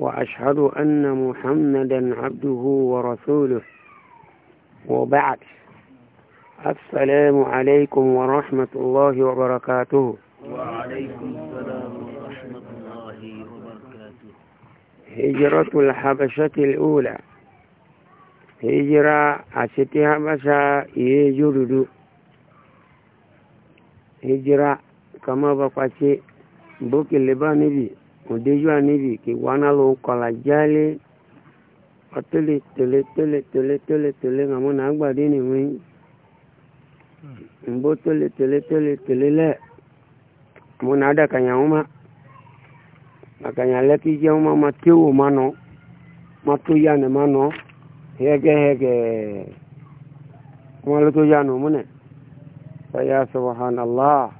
وأشهد أن محمدا عبده ورسوله وبعد السلام عليكم ورحمة الله وبركاته وعليكم السلام ورحمة الله وبركاته هجرة الحبشة الأولى هجرة أشتي بشا يجرد هجرة كما بقى شيء بوك اللي بانبي odeju anibi ke wana lo kola jale otele tele tele tele tele tele ngamo na agbade ni mi hmm. mbo tele tele tele tele le mo na ada kanya uma akanya leki je uma ma tewo mano ma to ya ne mano hege hege mo lo to ya no mo ne fa ya subhanallah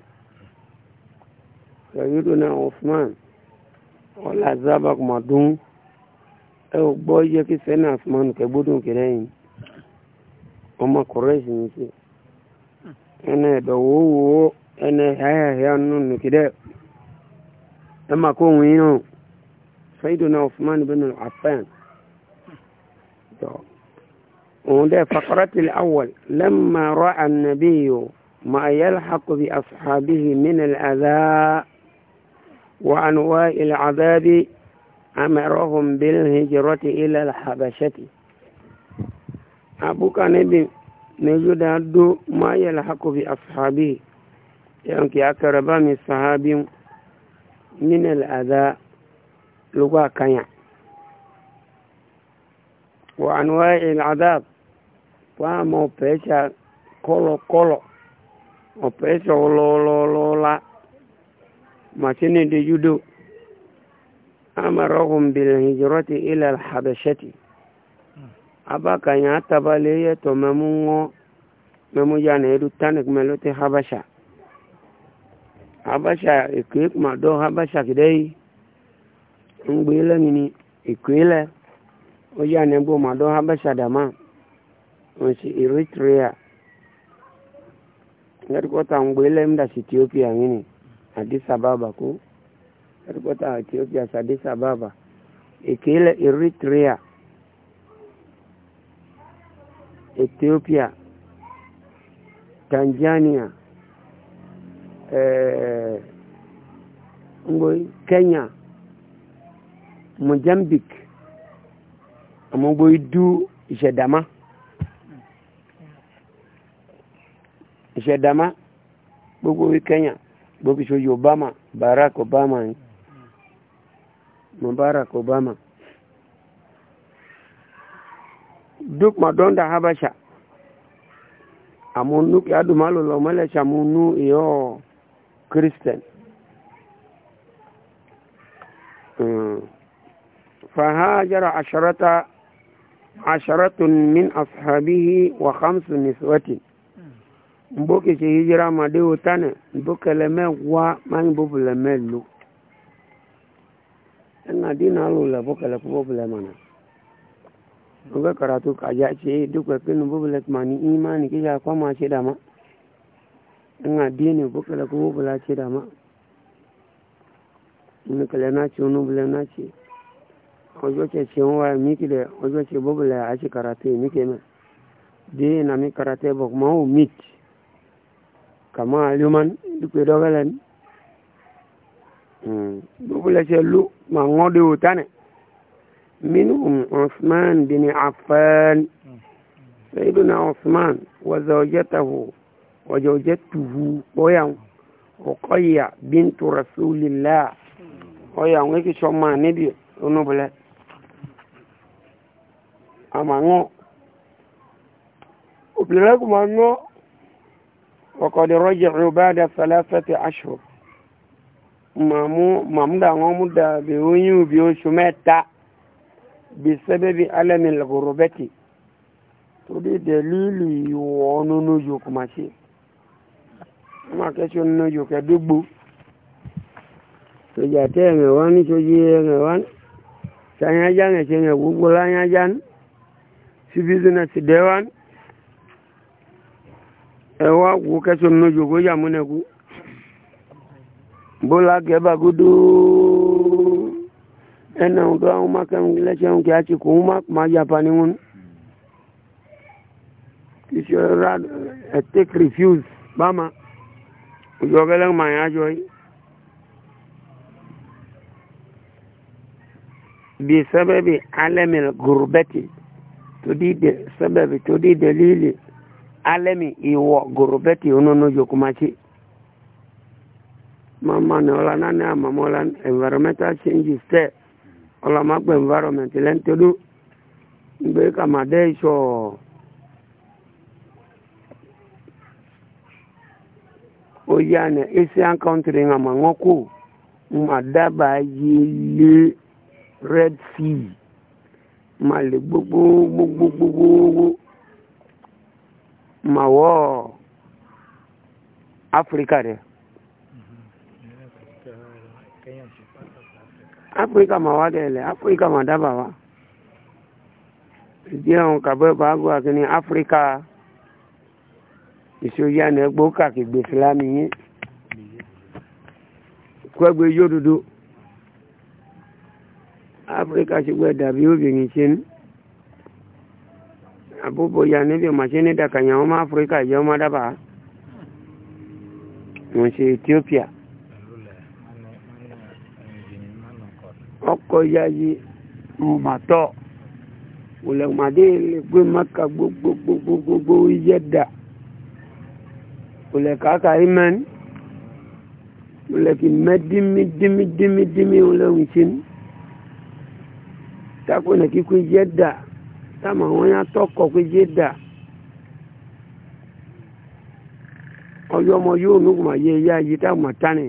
sọ̀yìnrúnà usman ọ̀làzàbà kùmàdún ẹ ò gbọ́ yẹ kí sẹ́nà usman kẹgbódùn kẹrẹ́ yìí ọmọ kọ̀rẹ́sì ní sí ẹnẹ ẹ̀dọ̀wọ́ wo ẹnẹ ẹ̀hẹ́hẹ́ nínú kẹrẹ́ ẹ máa kó òun yìí hàn sọ̀yìnrúnà usman bẹ́ẹ̀ nínú afẹ́n òun dẹ́ fakọ́rọ́tìlẹ̀ awọ̀l lẹ́mọ̀ rọ́ ànàbíyò ما يلحق بأصحابه من الأذى وأنواع العذاب أمرهم بالهجرة إلى الحبشة أبوك نبي نجد أدو ما يلحق بأصحابه يعني أقرب من الصحابي من الأذى لغا كان وأنواع العذاب وما بيشا كولو كولو وبيشا ولو لو لو لا matini de judo amarahum bil hijrati ila al habashati abaka nya tabale ye to mamungo memu jana edu tanek melote habasha habasha ikik ma do habasha kidei ngbele ngini ikwele o jana bo ma do habasha dama onsi eritrea ngadikota ngbele mda ethiopia ngini Addis Ababa ko headquarter Ethiopia is Addis Ababa ìkìlẹ̀ Eritrea Ethiopia Tanzania eh, ngoy Kenya Mozambique àmọ́ gbóyè du ìṣẹ̀dàmá. ìṣẹ̀dámá gbogbo wí gbogbo ìṣòyí obama barack obama ni eh? mubarak obama duk madonda habasha amunu yadumalo lọ mọlẹsẹ amunu ìyọ christian فهاجر عشرة عشرة من أصحابه وخمس نسوة mboke se hijira ma de otane mboke le me wa ma ni bobu le me lo ena di na lo le boke le bobu le mana nga karatu ka ja ce duk wa kinu bobu le mani imani ke ya kwa ma ce da ma ena di ne boke le bobu la ce da ma ni kale na ce no bule na ce ojo ce ce wa mi ki de ojo ce bobu le a ce karatu mi ke na de na mi karate bok ma o mit kama aliuman dukwe dogelen dubule hmm. se lu ma ngode utane minhum usman bin affan sayyiduna usman wa zawjatahu wa zawjatuhu oyan uqayya bintu rasulillah oyan wiki shoma nibi unubule amango obìnrin kò máa ń ná وقد رجعوا بعد ثلاثة أشهر مامو مامدا مامدا بيونيو بيو شمتا بسبب ألم الغربة تودي دليل يوانو نجوك ماشي ما كشو نجوك دبو tòjàtẹ́ ẹ̀rẹ̀wọ́n ní sojú ẹ̀rẹ̀wọ́n sanyájá ẹ̀ṣẹ̀ ẹ̀wọ́gbọ́lá yájá síbí zuna ti dẹ́wọ́n ẹwà wò kẹsọ nínú yòókó yàmúnẹkú bọlá gẹba gúdú ẹnà ọdọ àwọn mákẹrún lẹsẹrún kí a ti kó wọn má yapa ní wọn kìsì ọ̀rá ẹ take refuse báma òjò ọgẹlẹ ń màyàn àjọ yìí. بسبب علم الغربة تدي سبب تدي دليل alemi iwo gorobeti onono yokumachi mama ne ola nane ama mola environmental changes te ola magbe environment lente du mbe kama de so oyane asian country nga mangoku madaba yele red sea male gbogbo gbogbo gbogbo ma wọ́ áfíríkà rẹ̀ áfíríkà ma wá dẹ̀ lẹ̀ áfíríkà ma dábàá wa ìdí àwọn kàbọ̀ bàágùn àkíní áfíríkà ìṣòyànà ẹgbó kàkìgbè fìlámì yín kwẹ́gbẹ́ yóò dúdú áfíríkà ṣùgbọ́n dàbí obìnrin ṣe abubuwa ya níbi mashini da kan yawon afirka yawon madaba wọn ṣe ethiopia ọkọ̀ yayi mọ̀mọ́tọ́ wùlẹ̀mọ̀dé lè gbé maka gbogbogbogbogbò yẹ́dà wùlẹ̀kàkà imẹ́ni wùlẹ̀kì mẹ́dímídímídímídímí wùlẹ̀wùn ṣe ní takò nàkíkú yẹ́dà táwọn àwọn yẹn atọ́kọ̀ pé yé dà ọjọ́ ọmọ yóò nùgbọ̀n máa yẹ ẹyá táwọn máa tánì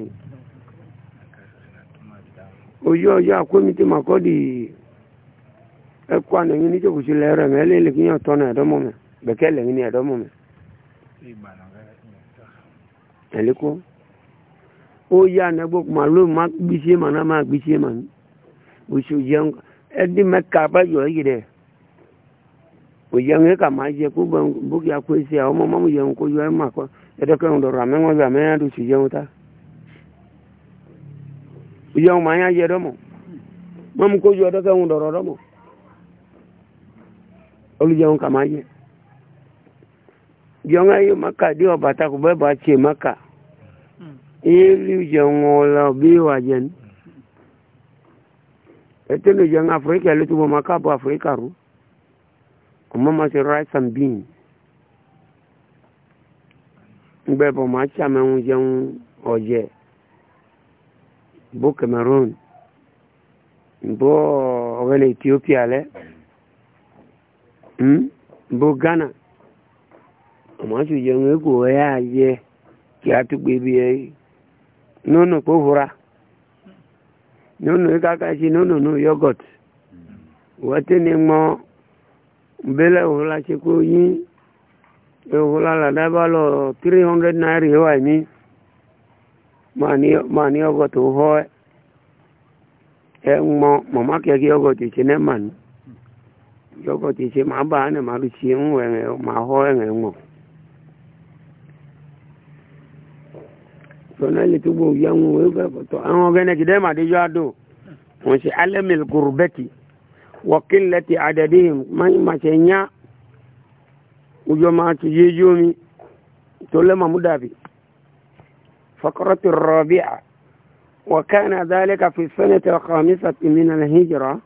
ojú ọjọ́ àkómìtì máa kọ́ di ẹkọ ànàyìn níjòkòsí lẹ́rẹ̀ mẹ́ lélẹ̀ kí yẹn tọ́ náà ẹ̀dọ́mọ̀ mẹ́ bẹ̀kẹ́ lẹ́yìn ní ẹ̀dọ́mọ̀ mẹ́ ẹ̀lẹ́kọ́ ó yá anagbókò máa ló máa gbísí màá náà máa gbísí màá ní oṣù jẹun ẹdí mẹ́ka bá yọ̀ ẹ́ yìí oyeŋ ka ma je ku buki ya ku isi awon mamu yeŋ ko yo ma ko edo ke ndo rame ngo rame ya du si yeŋ ta oyeŋ ma ya je do mo mamu ko yo edo ke ndo ro olu yeŋ ka ma je yeŋ ayo maka di obata ku be ba che maka ili yeŋ ola bi wa jen etele yeŋ afrika lu tu mo maka bo afrika ru kuma masu rice and beans ngbe bọ ma ọjẹ cameroon bụ ọ̀rẹ́lẹ̀ ethiopia lẹ hmm? bụ ghana ọmọ sì jẹun ya ẹyà yẹ kí a ya gbé bí ẹ nínú kó fura nínú ikaka ṣe nínú bele wola tse ko yi wola la da ba lɔ three naira yi wa mi maa ni maa ni ɔgɔ to hɔ ɛ ŋmɔ mɔmɔ kɛ kí ɔgɔ tse tse ne ma nu ɔgɔ tse tse ma ba ne ma do tse ŋu ɛŋɛ ma hɔ ɛŋɛ ŋmɔ tɔnɛ le tugbo ya ŋu wo ɛfɛ tɔ ɛŋɔ gɛnɛ ti dɛ ma de yɔ a do wɔn si alɛ mele wakilati adadihim mai mace nya ujo ma tu jejo mi to le mamu dabi fakratu rabi'a wa kana dhalika fi sanati al-khamisati min al-hijra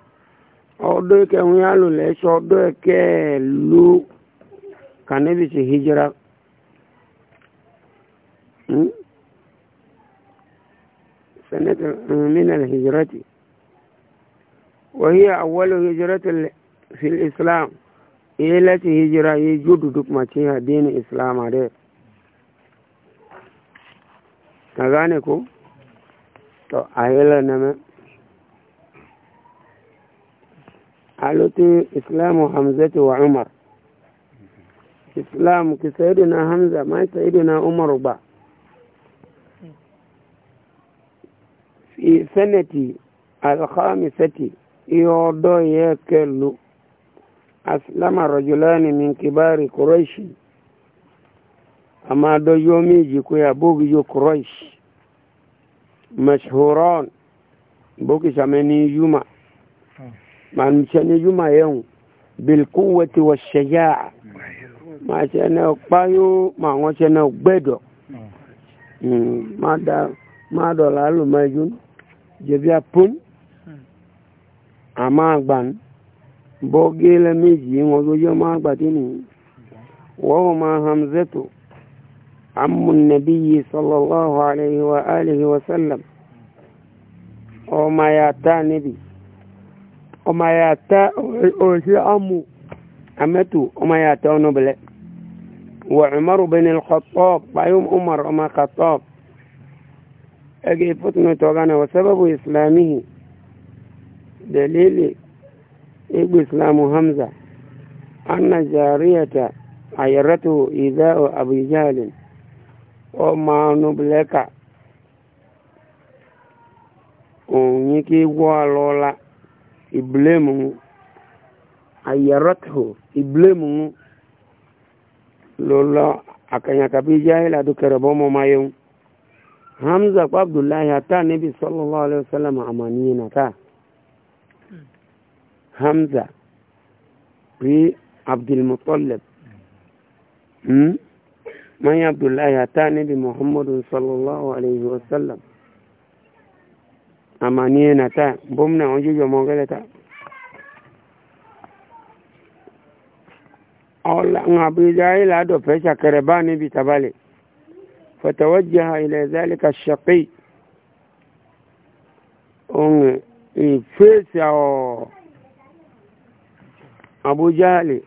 odo ke nyalu le so odo ke lu kanabi si hijra hmm? sanati hmm, min al-hijrati وهي أول هجرة في الإسلام إيه التي هجرة يجود دكما فيها دين الإسلام عليه نغانيكو تو أهلا نما قالت إسلام حمزة وعمر إسلام كسيدنا حمزة ما سيدنا عمر با في سنة الخامسة يوضو يكلو أسلم رجلان من كبار قريش أما دو يومي جيكو يا بوغيو قريش مشهوران بوكي سمني يوما من سمني يوما يوم بالقوة والشجاعة ما سنة أقبايو ما سنة أقبادو ما دا ما دولا لما يجون جبيا بون àmá àgbàn bọ́ gẹ́lẹ́ méjì wọn lójọ́ máa gbàdé nì wọ́n máa hamzeto amúnẹ̀bí yìí sọlọ́lọ́hùn àlẹ́hìwá àlẹ́hìwá sálàm ọmọ yàtá níbi ọmọ yàtá òṣè amú amẹ́tò ọmọ yàtá ọ̀nàbẹ̀lẹ̀ وعمر بن الخطاب بيوم عمر أما خطاب أجي فتنة وغانا وسبب إسلامه dalili ibu islamu hamza anna jariyata ayyaratu idha'u abu jahlin o ma nubleka òun yìí kí wọ́ alọ́la ìbílẹ̀mù ayyaratu ìbílẹ̀mù lọ́lọ́ akanyakabi jahila dukẹrẹ bọ́mọ mayẹun hamza kwa abdullahi ata nabi sallallahu alaihi wasallam amaniyinata. ta hamza bí abdulmutalib hmm? mayi abdullahi ata níbi muhammadu sallallahu alayhi wa sallam amaniye nata bómìnà àwọn jíjọ mọ́gẹ́lẹ́ ta ọ̀la ń àbújá ilẹ̀ àdọ̀fẹ́ ṣàkẹrẹ bá níbi tabalẹ̀ fọ̀tẹ̀wọ́jẹ́ ilẹ̀ zálika ṣàpẹ́ ohun ìfẹ́sẹ̀ ọ̀ọ́ abujali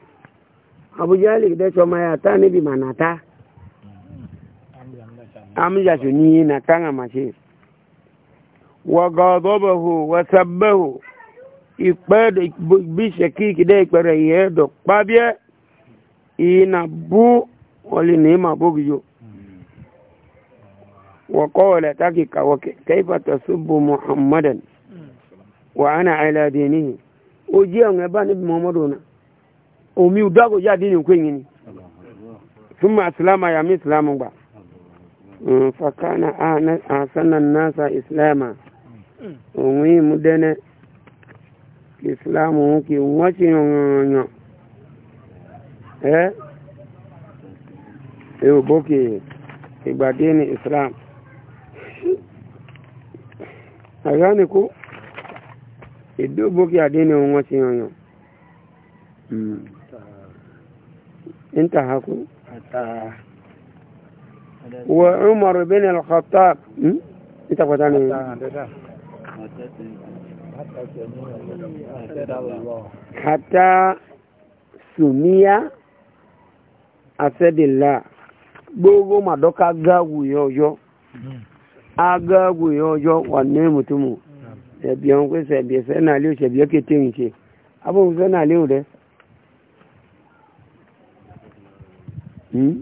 abujali kidecho mayata nibi manata amja shuni na kanga mashi wa ghadabahu wa sabbahu ikpede bishe ki kide ikpere yedo kpabie ina bu oli ni mabugiyo وقال تكك وكيف تسب محمدا وانا على دينه وجيء ابن محمد omi udago ya dini nkwe ngini thumma aslama ya mi islamu ba mm, fakana ahsana nasa islama onwi mudene islamu ki wati nyonyo eh ewo boki igbadini islam agani ko idoboki adini won wati nyonyo Mm. انتهى حتى وعمر بن الخطاب انت فتاني حتى سمي أسد الله gbogbo madoka gagu yoyo agagu yoyo wanne mutumu kwesa sai na liyo ke nke sai na dai Hmm?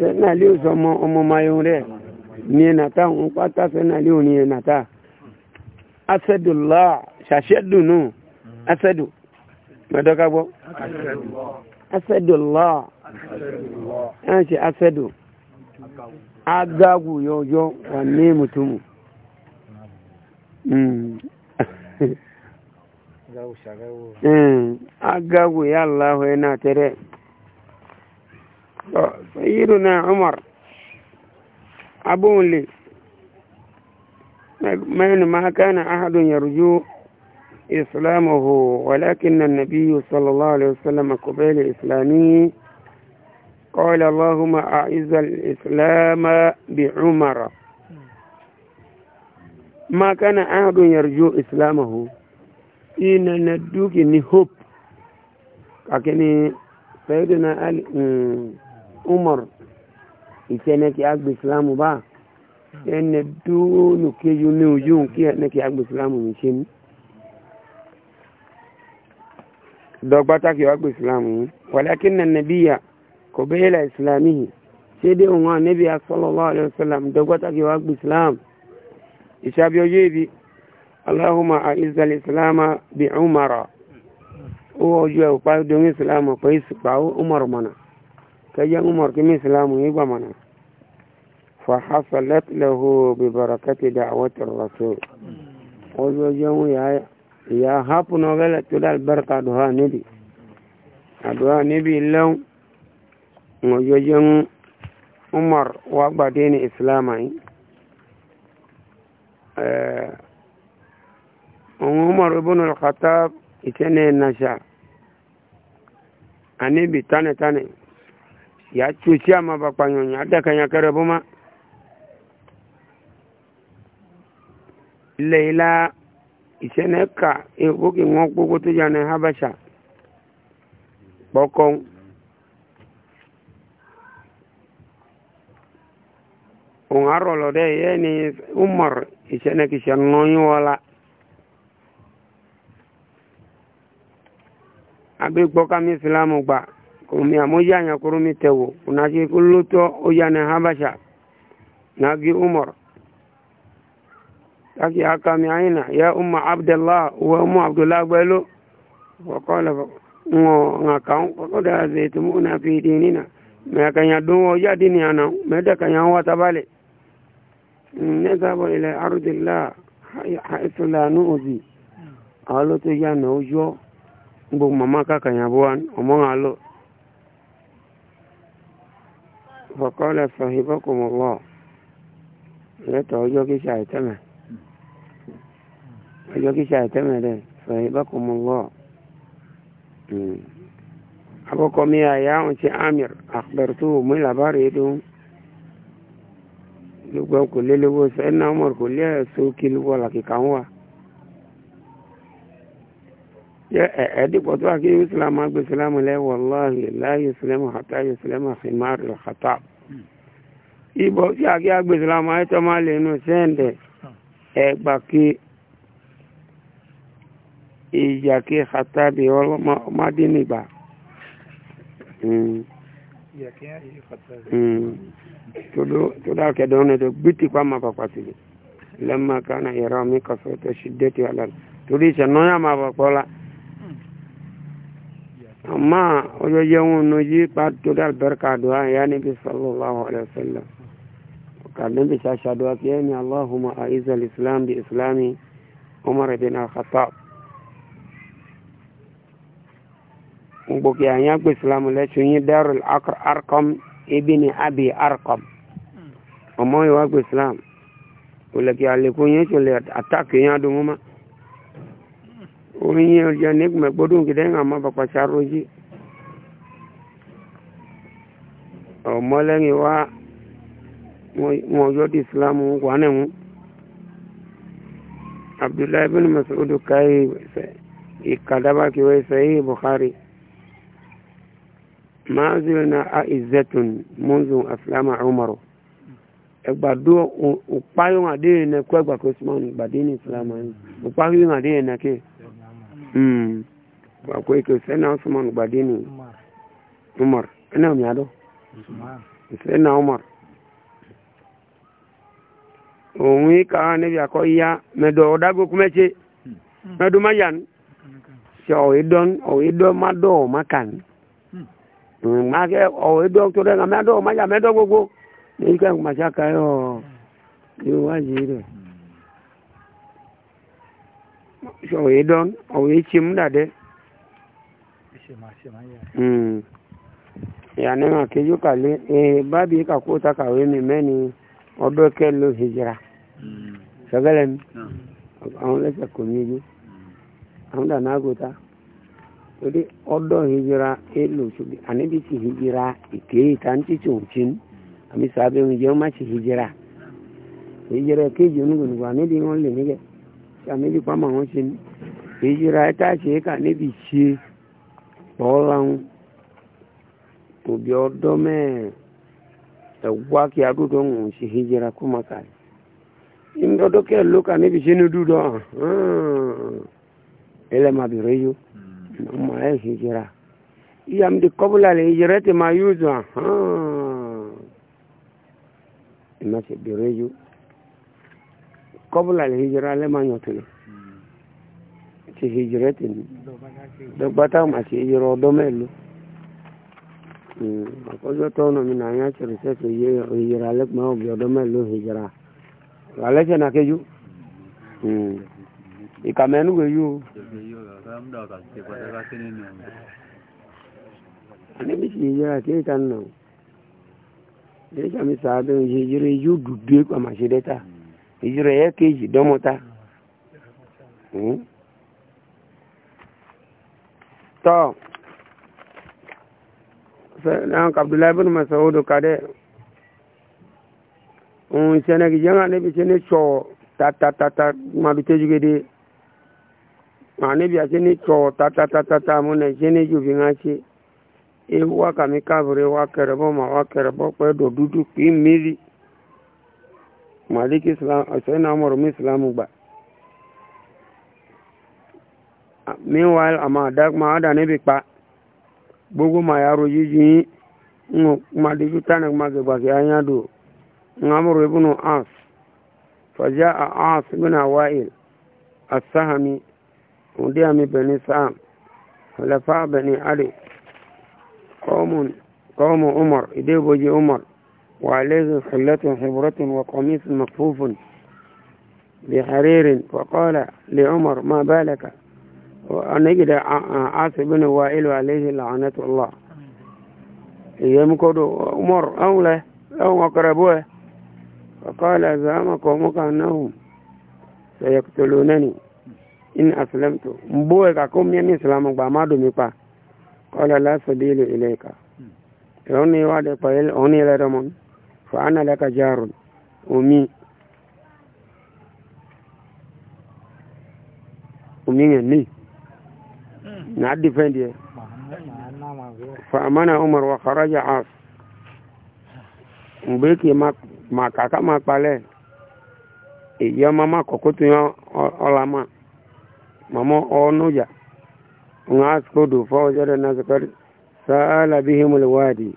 sẹ́nà lé o sọ ọmọ ọmọ mayun ní ẹ̀nàta òun pátá sẹ́nà lé òun ní ẹ̀nàta asẹ́dùlá ṣàṣẹ́dùnú asẹ́dù mẹ́dọ́ká gbọ́ asẹ́dùlá ẹ̀ ṣe asẹ́dù agagu yọjọ́ wà ní mùtúmù hmm. agagu hmm. yà láhùn ẹ̀ náà tẹ́rẹ̀. سيدنا عمر أبو لي ما كان أحد يرجو إسلامه ولكن النبي صلى الله عليه وسلم قبيل إسلامه قال اللهم أعز الإسلام بعمر ما كان أحد يرجو إسلامه إن ندوك نهب لكن سيدنا علي umar ìtẹ́nẹ́ kí agbè islam bá ẹnẹ dúró kéjú ní ojú kí ẹnẹ kí agbè islam mi ṣe mú dọgbátá kí agbè islam mú wàlákí nà nàbíyà kò bẹ́ẹ̀lá islam yìí ṣé dé òun àwọn níbi asọ́lọ́lá alẹ́ sọ́lám dọgbátá kí agbè islam ìṣàbí ojú ibi aláhùmá àìsàn islam bí umar ó ọjọ́ ìpàdé islam pẹ̀lú ìsìpá umar mọ́nà. كي عمر كم إسلام يبمنا فحصلت له ببركة دعوة الرسول وزوجه يا يا هاب نوغل تلا البركة دعاء نبي دعاء نبي الله وزوجه عمر وبعدين إسلامي أه عمر بن الخطاب اتنين نشا أنبي تاني تاني ya cuci ama bakpanyonya ada kanya kere buma leila isene ka eboki ngok boko to jane habasha bokong ungarolo de yeni umar isene kishan noyi wala abi umi amoja nyakurumi tewu unaki kuluto ujane habasha nagi umar taki أقام عينا يا أم عبد الله وأم عبد الله قالوا وقال ngakau kokoda zaitumuna fi dinina me kan ya dunwo dini ana me da kan ya wata bale ne zabo ila ardillah haythu la nuzi alo to ya no jo bu mama ka kan ya buan alo فقال صاحبكم الله لتا وجوكي شايتما وجوكي شايتما ده صاحبكم الله أبوكم يا يا عامر أخبرته من لباريدهم gbogbo kò lé lówó sọ ẹnà ọmọ kò lé ẹsọ kí lówó làkìkà ń wà ẹ̀ẹ́dìpọ̀tọ́ àkí islam agbé islam lẹ́wọ̀ lọ́hìn láyé islam àtà islam àfimárì àtà ibọ̀ tí àkí agbé islam ayẹ́tọ́ máa lè nù sẹ́ndẹ̀ ẹgbà kí ìjà kí àtà bí ọlọ́mọdé nìgbà tó dákẹ́ dánwó tó gbìtì pa máa pàpà sílẹ̀ lẹ́mọ̀ kánà ìrọ̀ mi kọfẹ́ tó ṣì dé ti àlọ́ torí ìṣẹ̀nú amma oyo yewu nuji pa tudal barka du'a ya nabi sallallahu alaihi wasallam ka nabi sa sha du'a ke ni allahumma a'iz al-islam bi islami umar bin al-khattab ngbo ke gbe islam le chuyin darul akr arqam ibn abi arqam omo yo gbe islam o le ke ale ko yin attack yan do orin yẹn ọjà nígbà gbọdún gidẹ ń àmọ bàpàṣà rojí ọmọlẹ́yìn wa wọn yọ di islam wà mu. abdullahi bin masoud kayi ìkàdábà kí wọ́n ṣe yìí buhari máa zùlọ na a ìzẹtùn múnzùn asilama umaru ẹgbàdo òpáyọ̀ àdéhùn ẹ̀kọ́ ẹgbàkọ́ ismail gbàdé ní islam ọ̀hún òpáyọ̀ àdéhùn ẹ̀kẹ́. Hmm. akwai ke sai na usman gbade ne umar ina e mi ado sai na umar òun ka níbi àkọ́ ya mẹ́dọ̀ ọ̀dágbò kúmẹ́tse mẹ́dọ̀ má yà ní ṣe ọ̀wédọ́ má dọ̀ má kà ní mákẹ́ ọ̀wédọ́ tó dẹ́ka má dọ̀ má yà mẹ́dọ̀ gbogbo ní ìkẹ́ ìkùmàṣà ká yọ yóò wáyé so we don o we chim nade chima chima ya mm ya ne ma ke yo kale e ba bi ka ko ta ka we mi meni o do ke lu hijra mm so galen no on le ka ko mi ji on da na go ta to di o do hijra e lu su bi ani bi ti hijra e ke ta nti chu chin ami sa be mi je ma chi hijra ah. hijra ke ji nu gu ni ba ni di on le ni ge mm sàmìlì pàmò àwọn ṣe ní èyí ra ẹta ṣe é kà níbi ṣe pọ́ọ́láhùn tòbí ọdọ́ mẹ́ẹ̀ ẹ̀wá kí adúdọ̀ ń ṣe hijira kó má kàrí ńdọ́dọ́ kẹ́ ló kà níbi ṣe ní dúdọ̀ ẹlẹ́màbìrẹ́ yó ọmọ ẹ̀ hijira iyamdi kọ́bùlà lè hijira ti máa yóò zọ ẹ̀ma ṣe bìrẹ́ yó kọ́bùlà lè hijira lẹ́mọ̀nyọ̀ tó lè ti hijira tì ní dọ́gbátá mà ti hijira ọdọ́ mẹ́lú àkọ́jọ́ tó ọ̀nà mi nàá yá tẹ̀rẹ̀ sẹ́tù yé hijira lẹ́gbọ̀n ọ̀bì ọdọ́ mẹ́lú hijira alẹ́ tẹ̀ nà kéjú ìkàmẹ́nu wẹ̀ yú. anabi ti hijira tí ìta nù. Ilé ìjàmbá ìjírò ẹ̀yẹ kejì dọ́mọ́ta hmm? tọ́ náà abdullahi bin masaudu kadẹ ń sẹ́nẹ̀kì jẹ́ ńlá níbi sẹ́ni sọ tatatata madu tẹ́júgede mà níbi sẹ́ni sọ tatatatata múnẹ̀ sẹ́ni jòfì ńlá ṣe ewu wákàmí káàbùrẹ́ wákẹrẹ bọ́ mà wákẹrẹ bọ́ pẹ́ dọ̀ dúdú pín mìíràn malik islam ọ̀sẹ̀yìn amọ̀rọ̀ mú islam gbà meanwhile àmà àdàgbà àdà níbi pa gbogbo màyàrò yíyí yín ń màdíjú tánà gbàgbàgbàgbà ngamur ń as, ibùnú as, fàjá ans as àwáìl asáhàmì òǹdí àmì bẹ̀ni sáàm ọ̀lẹ́fà bẹ̀ni àdè kọ́ọ̀mù umar ìdébòjì umar وعليه خلة حبرة وقميص مكفوف بحرير فقال لعمر ما بالك ونجد عاص بن وائل عليه لعنة الله يمكد عمر أولى أو أقربوه فقال زعم قومك أنهم سيقتلونني إن أسلمت مبوك أقوم يمي إسلامك بما دمك قال لا سبيل إليك هوني وعد قيل هوني لرمون فأنا لك جار أمي أمي ني نعدي فين دي فأمن عمر وخرج عاص mbeki ma ma kaka ma pale iya mama kokotu yo olama mama onuja ngas kodu fa wajada nazakar sa'ala bihim alwadi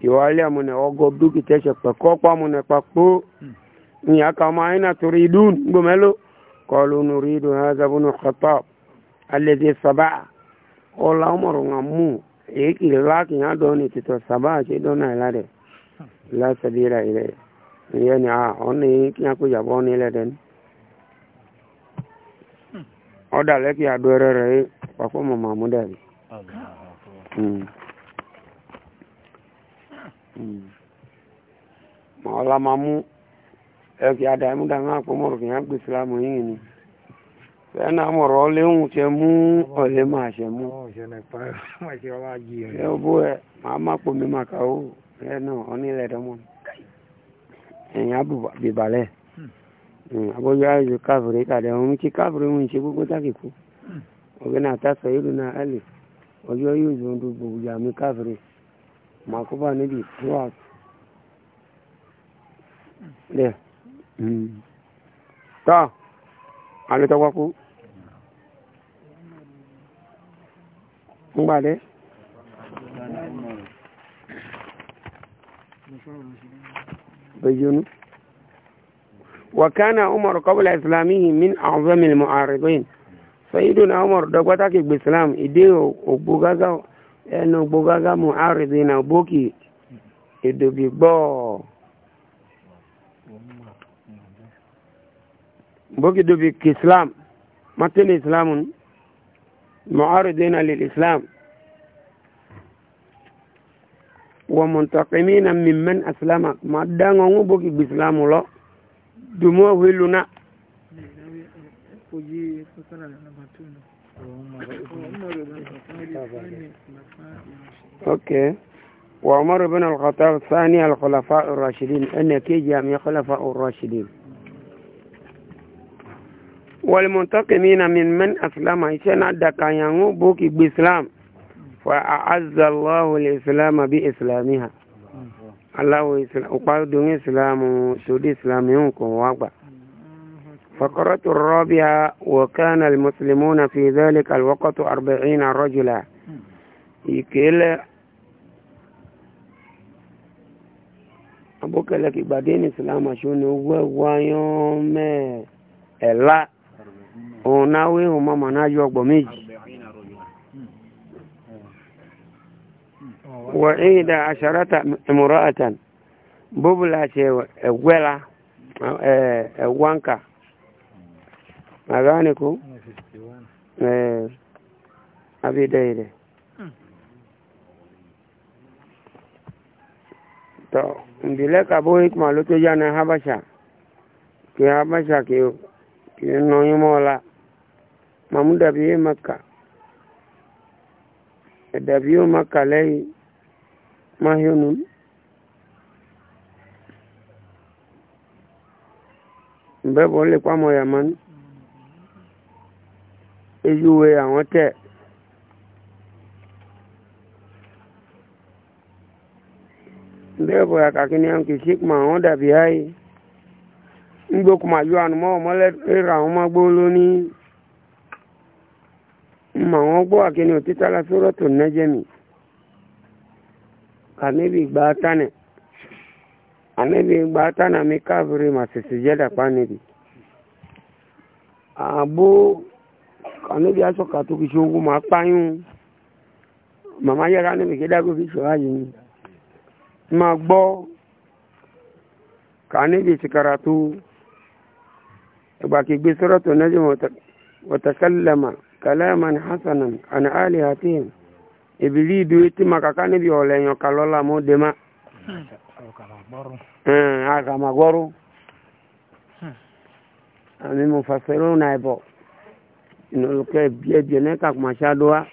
iwali amune ogo duki teshe kwa kopa amune kwa ku ni akama aina turidun gomelo qalu nuridu hadha ibn khattab alladhi sabaa ola umaru ngamu eki laki ya doni tito sabaa che dona ilade la sabira ile yani a ah, oni kinya ku jaboni ile den oda leki adwere re kwa kwa mama mudari Allah. Mm. ma hmm. mọ̀ọ́lá máa mú ẹ̀kì àdàmú dáná àpòmọ̀rọ̀ kìí àgbè ìsìlámù yìí ni na mọ̀rọ̀ léhùn tẹ mú ọ̀lẹ́ máa ṣẹ mú ẹ bó ẹ máa má pò mí màkà ó ẹ̀nà ọ̀nílẹ̀ dánmọ́ ẹ̀yìn àbìbàlẹ̀ abójá gbogbo makuba níbi twelve there tá alẹ́tọ́wọ́kú ń gbàdé. بينوا وكان عمر قبل إسلامه من أعظم المعارضين سيدنا عمر دقوتك بالإسلام إديه وبوغازه ẹnu gbogaga muharidi na bókì ìdògì gbọ́ bókì dòbì kì islam martin islam muharidi na lè islam ومنتقمين ممن أسلم ما دعوا بك بإسلام الله دموه لنا اوكي وعمر بن الخطاب الثاني الخلفاء الراشدين ان كيجي من خلفاء الراشدين والمنتقمين من من اسلم عشان ادك يانو بوكي باسلام فاعز الله الاسلام باسلامها الله يسلم وقال دون اسلام سودي اسلام يونكم واقبا فقرة الرابعة وكان المسلمون في ذلك الوقت أربعين رجلا يكيل أبوك لك بعدين إسلام شنو ويوم إلا أوناوي هما مناجو بميج وعيد عشرة امرأة بوبلا شيء ولا وانكا magane ko eh abi daidai to ndile ka bo ikma lo to yana habasha ke habasha ke ke no yumola mamuda bi makka da makka lai mahyunun mbebo le kwa moyamani eyúwe àwọn tẹ̀. bẹ́ẹ̀ bọ̀ kàkí ni àwọn kì í sí kuma àwọn dàbí ayé ńgbó kuma yọ ànumọ́ ọmọlẹ́ ra àwọn ọmọ gbó lónìí mọ̀ àwọn gbó àkíní òtítà lásòrò tó nẹ́jẹ̀ mi kàníbi ìgbà tánẹ̀ àníbi ìgbà tánà mi káfíìrì màsìsì jẹ́dàpá níbi àbó kànúbi asọ́ka tó kìí ṣe owó máa páyún màmá yára níbi kídágò kìí ṣe wáyé ni máa gbọ́ kànúbi tìkàrà tó ìgbàkigbé sọ́rọ̀ tó náà wàtàkàlàmà kàlàmà hasanan àni àlè àti ìbílí ìdú etí ma kàkà níbi ọ̀lẹ́yàn kàlọ́lá mọ́ dèmá. àkàmàgbọ́rú hmm. àmì mo fàṣẹ́rù náà bọ̀ nuluke bie bie ne ka kuma sha doa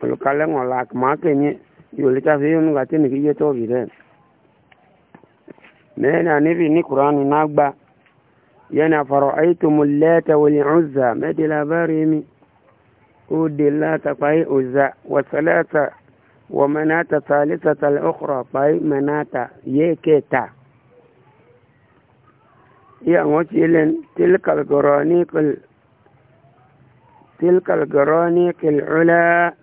nuluka le ŋɔ la kuma ke nye yoli ta fi yonu gati ni ki ye tɔ bi dɛ mɛ na ne bi ni kurani na gba yana faro aito mu lɛta wali uzza mɛ de labari mi o de la ta kpai uzza wa salata wa manata salisata al ukhra kpai manata ye ke ta iya ŋɔ ci len tilkal goroni kul تلك الجرانيق العلا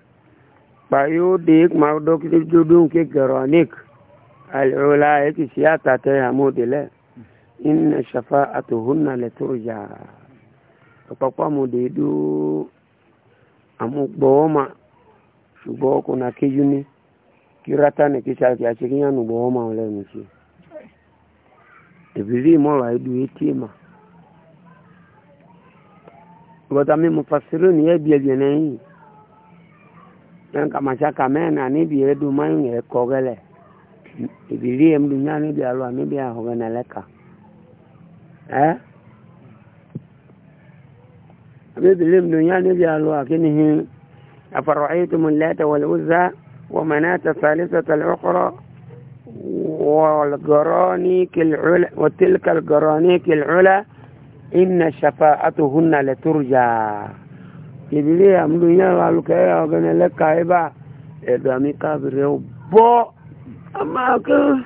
بيوديك مودوك جدون كي جرانيق العلا هيك سياتا تيها مودي إن شفاعتهن لترجع تقوى موديدو أموك بوما شبوكو ناكيجوني kirata ne kisa kiasi kinyanu boma ole mchi ibili mola idu itima bọ́tà mi mufasiru ni ẹ bìẹ bìẹ n'ẹyìn ẹn kà màṣà kà mẹ́rin náà níbi yẹn dùn máa ń yẹ kọ́ gẹ́lẹ̀ ìbílí yẹn dùn yá níbi àlọ́ níbi àhọ́gẹ́ náà lẹ́ka ẹ́ àbí ìbílí yẹn dùn yá níbi àlọ́ àkíní afọ̀rọ̀ ayé tó mu lẹ́tà wọlé wúzá wọ́n mọ̀ náà tẹ̀sálí ọkọ̀rọ̀ wọ́n tẹ̀lé ní kìlcúlẹ̀ inna shafa'atuhunna laturja ibili amdu nyala luka ya ogene leka eba edo mi kabire bo amaka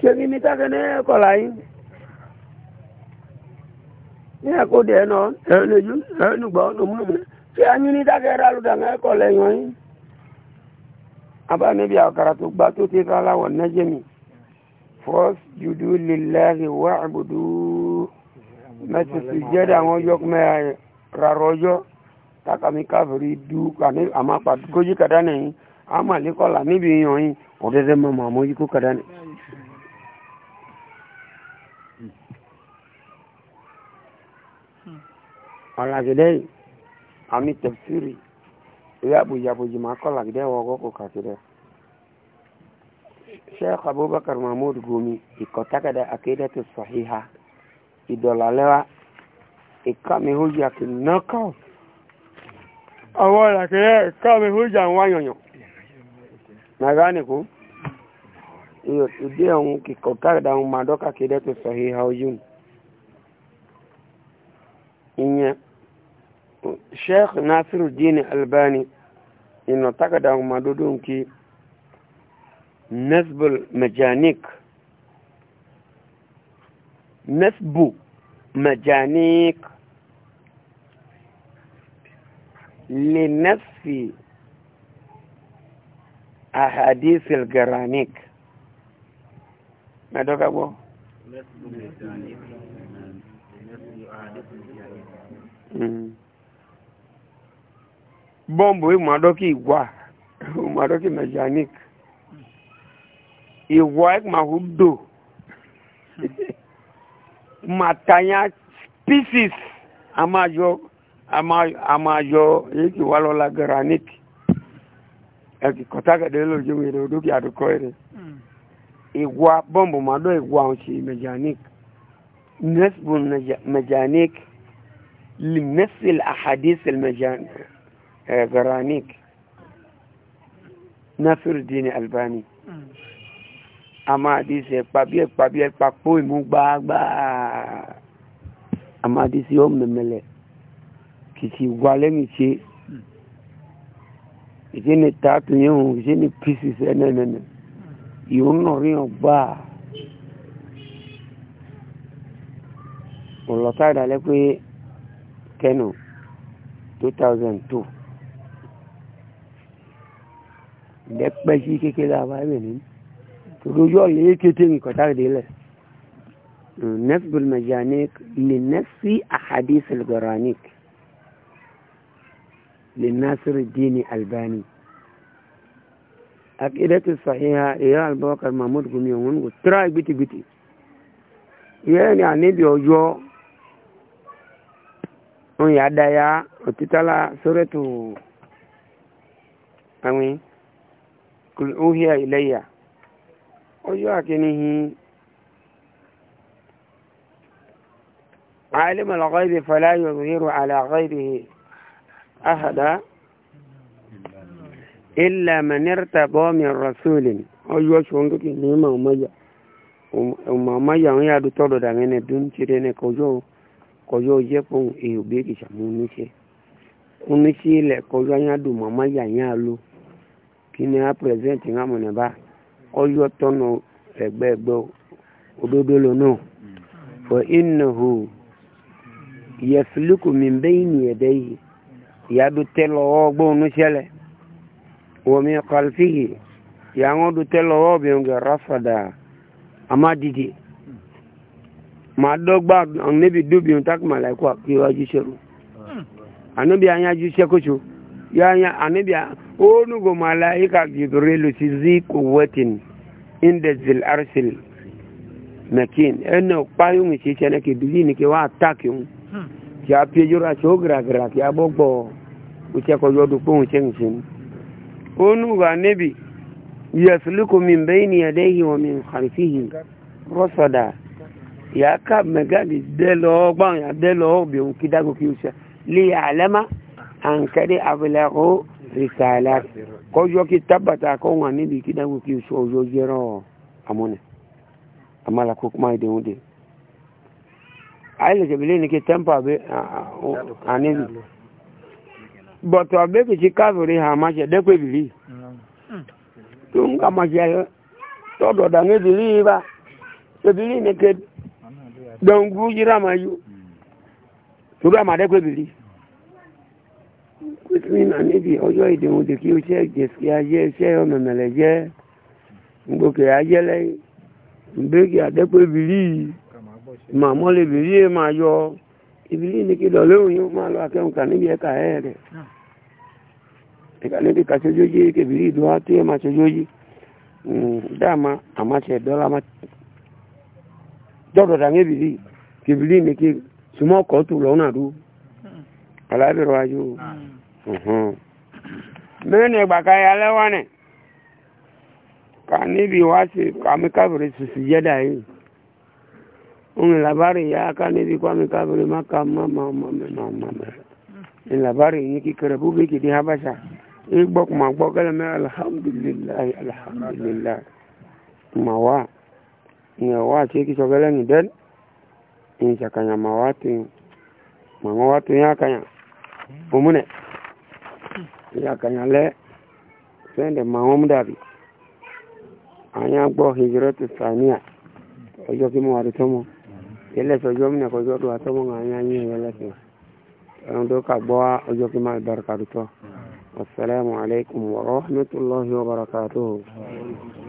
shegi mi ta gene ko lai ni ko de no ene ju enu gba no mu mu ti anyu ta gera lu da ngai ko le yon aba ne bi akara to gba to ti kala won najemi first you do lillahi wa'budu mẹ́tì sì jẹ́dẹ̀ àwọn ọjọ́ mẹ́ra rárọ̀ ọjọ́ takami káfìrí dú kàní àmà pàtókójì kàdá nìyí àmà lẹ́kọ̀ọ́là níbi yàn yín ọ̀dẹ́dẹ́ mọ̀mọ́ àmójú kó kàdá nìyí. ọ̀làgídẹ́ yìí àmì tẹ̀síìrì ìwé àbújábújì máa kọ́ làgídẹ́ wọ́gọ́ kó kàkiri. sheikh abubakar mahmud gumi ìkọ̀tàkàdà akédàtò sọ̀híhá ìdọ̀làlẹ́wà ìkàmì hójà kì nọ́kọ̀ ọwọ́ ìràkìlẹ̀ ìkàmì hójà ń wáyọ̀yọ̀ nàgánìkú ìdí ẹ̀hún kìkọ̀ káàdà ń máa dọ́kà kí dẹ́tù sọ híhá ojú ìyẹn sheikh nasiru dini albani ìnà tákàdà ń máa dúdú kí nesbol mechanic nasbu majanik li nasfi ahadith al-garanik nadoka bo bọ́m̀bù ìmọ̀dọ́kì ìwà ìmọ̀dọ́kì mẹjanik ìwà ẹ̀kùnmáhùdò matanya species amayo amayo yiki walola granite ekikɔtaga de lo jomi do do ki adukɔ yi de igwa bɔmbu ma do igwa ŋu si mejanic nesbu mejanic limnesil ahadisil mejanic eh, garanik nasiru dini albani amadisi ẹ̀pà bí ẹ̀pà bí ẹ̀pà kó ìmú gbáàgbáà amadisi ọ mẹ̀mẹ̀lẹ̀ kìtì wà lẹ́nu ṣe ìṣe ni tààtù yẹn hùn ìṣe ni pieces ẹnẹ́nẹ́nẹ́ ìhun náà ríran gbáà ọ̀lọ́tà ìdálẹ́ pé kẹ́nu 2002 ìdẹ́pẹ́ sí kékeré àbáyé nínú. تروجو لي كتين كتاك ديلا نسب المجانيك لنفس أحاديث القرانيك للناصر الدين الباني أكيدة الصحيحة إيا البوكر محمود قميون وتراي بيتي بيتي يعني يعني بيوجو ń yà da ya òtítọ́lá sórètò àwọn kùlùhíà ìlẹ́yà ọjọ́ àkíníhi عالم الغيب فلا يظهر على غيبه أحدا إلا من ارتضى من رسول ọjọ́ ṣọ́ndókì ní màmáyà ń yàdú tọ́dọ̀ dàmẹ́nẹ dún tìrẹ ní kọjọ́ jẹ́ fún èyàn bí kìí sàmú oníṣẹ́ oníṣẹ́ ilẹ̀ kọjọ́ yàdú màmáyà yàn á lò kí ni a pẹ̀sẹ̀ntì ń hàmùnẹ̀ báyìí ọyọ tọnu ẹgbẹgbẹ òdodo lónà fọ ìnáwó yẹfìlíkù mi bẹ́yìn ní ẹ̀dẹ́ yìí ìyáàdó tẹ́lọ ọgbọ́n ṣẹlẹ̀ wọ́mi kọlfíhì ìyáwọn ọdún tẹ́lọ ọbẹ̀rún gẹ̀ ráfàdà amádìdì màá dọ́gba àwọn níbi dúbìrún tákùmọ̀ láìkú àkíwájú ṣẹlú ànúbí anyájú yanya anibia onu go malaika jibril si zi kuwatin inda zil arsil makin eno payu mi si chene ki bili ni ki wa attack yun hmm. ki a pie jura so gra gra ki a bogbo uche ko yodu ko unche nsin onu go ya yasluku min ya dahi wa min khalfihi rasada ya ka megadi de lo gbon ya de lo bi kidago ki usa li alama ankari abilago risala kojo ki tabbata ko ngani bi kidan ku ki so yo jero amone amala ko kuma ide unde aile ke bile ni ke tempa be anin but abe ke chikavori ha ma je de ko bili tun ka ma je to do da ngi bili ba se bili ni ke dongu jira ma yu tura ma de bili kùsùmínà níbi ọjọ́ ìdìhun tí kí o ṣe jẹ̀sí ayé iṣẹ́ ọ̀mẹ̀mẹ̀lẹ̀ jẹ́ gbòkè ayẹ́lẹ́ gbégi àdẹ́pẹ́ bìlí màmọ́ lè bìlí ẹ̀ máa yọ ìbìlí ni kí lọ lóhùn yóò máa lọ akẹ́hùn kà níbi ẹ̀ka ẹ̀ rẹ̀ ẹ̀ka níbi kà ṣojójì kẹbìlí ìdúró àti ẹ̀ máa ṣojójì dáàmà àmàṣẹ dọ́là má dọ́dọ̀ dàgẹ́bìlí kẹbìlí ni kí sùmọ́ kọ́ tù lọ́nà dúró alábìrò ayú mẹ́rin ìgbàka ya lẹ́wọ́nẹ̀ ka níbi wá sí kàmí kábìrì sùsì jẹ́dà yìí òun làbárì ya ká níbi kwami kábìrì má ka má má má má má má ìlàbárì yìí kíkẹrẹ búbí kìdí habasha ìgbọ́kùnmá gbọ́kẹ́lẹ́ mẹ́ alhamdulilayi alhamdulilayi màwá ìyẹn wá àti èkìtọ́ gẹ́lẹ́ nìdẹ́n ìyẹn sàkànyà màwá tó yẹn màwá tó yẹn àkànyà fomune ya kanyale sende mahom dabi anya gbo hijratu sania ojo ki mo ari tomo ele so jo mne ko jo do atomo anya ni ele ki on do ka gbo ojo ki ma barka to assalamu alaikum wa rahmatullahi wa barakatuh